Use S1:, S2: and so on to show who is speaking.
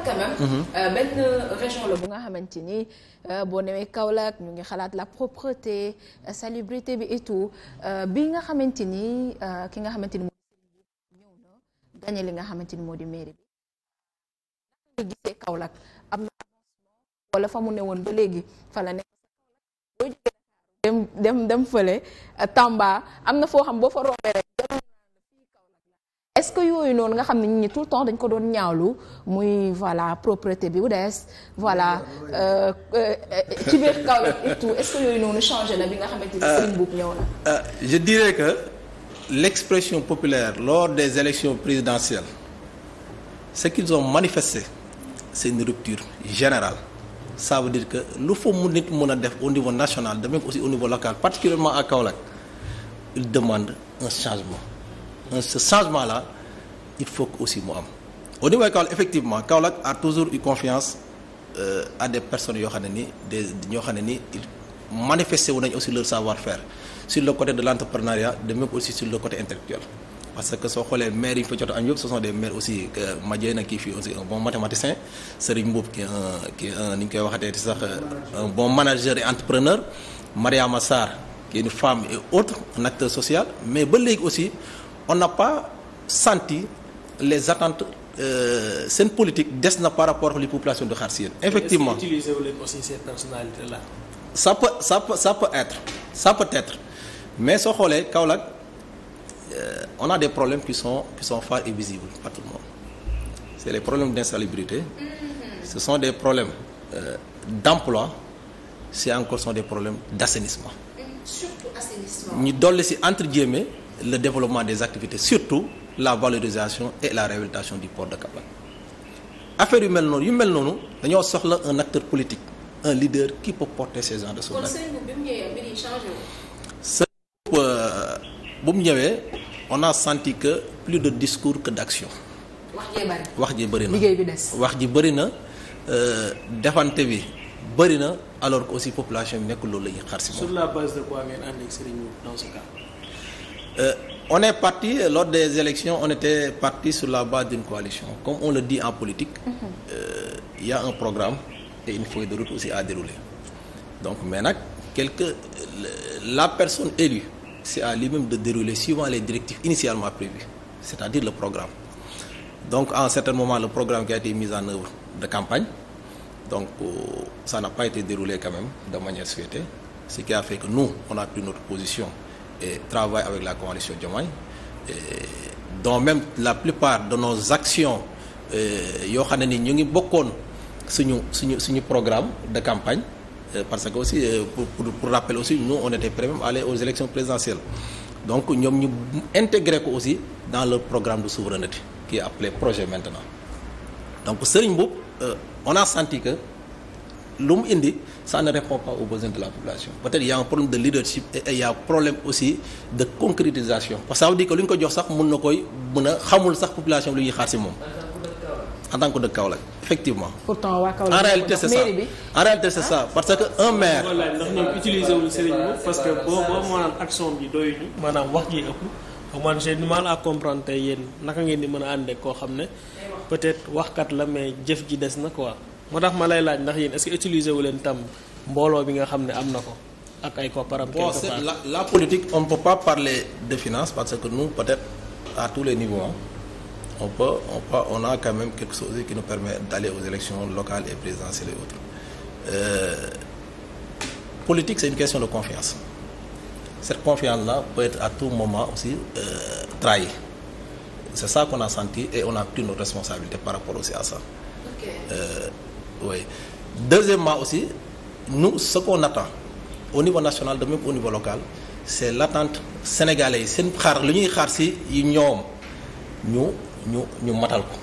S1: Kaolack mhm. euh, benn région la bu nga xamante ni euh, boo newee Kaolack ñu ngi xalaat la propreté euh, salubrité bi et tout bi nga xamante ni ki nga xamante ni moo ñëw na gagné li nga xamante ni moo di mairie bi. nga gisee Kaolack am na avancement wala fa mu ne woon ba léegi fa la nekk dem dem dem fële Tamba am na foo xam boo fa rombee rek. yooyu noonu nga xam ne nit ñi tout le temps dañ ko doon ñaawlu muy voilà propriété bi bu dees voilà ci biir Kaolack et tout yooyu noonu changé na bi nga xam ni Serigne Mboup ñëw na. Euh, euh, je dirais que l'expression populaire lors des élections présidentielles ce qu'ils ont manifesté c'est une rupture générale. ça veut dire que lu fa mu nit mën a def au niveau national de même aussi au niveau local particulièrement à Kaolack il demande un changement ce changement là il faut que aussi moo am au niveau de Kaolack effectivement Kaolack a toujours eu confiance euh, personne yoo xam ne nii des ñoo xam ne ni manifesté wu nañ aussi leur savoir-faire sur le côté de l'entrepreneuriat dem même aussi sur le côté intellectuel parce que soo xoolee maires yi ñu fa jot am yëpp ce sont des maires aussi Madiène kii fii aussi un bon mathématicien Serigne Mboup qui un qui un ni ñu koy waxatee sax euh, un bon manager et entrepreneur Mariama Sarr qui est une femme et autre un social mais ba léegi aussi on n'a les attentes euh, seen politique des na par rapport ak les populations de Xar Seen effectivement est-ce que utiliser wu leen aussi ces personnalités là. ça peut être ça peut être mais soo xoolee Kaolack euh, on a des problèmes qui sont qui sont phares et visibles par tout le monde c'est les problèmes d'insalubrité ce sont des problèmes euh, d'emploi c'est encore sont des problèmes d'assainissement. surtout assainissement. ñu dolli ci entre guillemets le développement des activités surtout. la valorisation et la réhabilitation du port de Kaolack affaire yu mel noonu yu mel noonu dañoo soxla un acteur politique un leader qui peut porter ces de son sëñ boobu euh, mu ñëwee on a senti que plus de discours que d'action. wax jee bëri wax ji bëri na wax ji bëri na defante bi bëri na alors que aussi population bi nekkul loolu la ñuy xar si moom. la base de quoi on est parti, lors des élections, on était parti sur la base d'une coalition. Comme on le dit en politique, mhm. euh, il y a un programme te une feuille de route aussi à dérouler. Donc maintenant, quelque, la personne élue, c'est à lui-même de dérouler suivant les directives initialement prévues, c'est-à-dire le programme. Donc à un certain moment, le programme qui a été mis en œuvre de campagne, donc euh, ça n'a pas été déroulé quand même de manière souhaitée, ce qui a fait que nous, on a position et travaille avec la coalition Diomaye dont même la plupart de nos actions eh, yoo xam ne ni ñu ngi bokkoon suñu suñu suñu programme de campagne eh, parce que aussi eh, pour pour, pour rappel aussi nous on était prêts même à aller aux élections présidentielles donc ñoom ñu intégré ko aussi dans le programme de souveraineté qui est projet maintenant donc Serigne Mboup on a senti que lu mu indi ça ne répond pas aux de la population peut-être y a un problème de leadership et y problème aussi de concrétisation parce que ça lu ñu ko jox sax mun na koy mën a xamul sax population lu ñuy xaar si moom. en tant que dëkk Kaolack effectivement. pourtant waa en réalité c'est ça en réalité parce que un maire. voilà ndax ñoom parce que boo boo maanaam action bi doyuñu maanaam wax ji ëpp. man j'ai du tey yéen naka ngeen di mën a àndee koo xam ne peut-être wax kat la mais jëf ji des na quoi. moo tax ma lay laaj ndax yi est utiliser wu leen tam mbooloo bi nga xam ne am na ko ak ay kopparam. bon c'est la la politique on ne peut pas parler de finance parce que nous peut-être à tous les niveaux on peut on peut on a quand même quelque chose qui nous permet d'aller aux élections locales et présidentielles et autres euh, c'est une question de confiance cette confiance la peut être à tout moment aussi euh, trahie c'est ça qu'on a senti et on a pris nos responsabilités par rapport aussi à ça. Euh, oui deuxièmement aussi nu ce qu'on attend au niveau national de même au niveau local c'est l'attente sénégalais yi seen xaar lu ñuy xaar si ñoom ñu ñu ñu matal ko.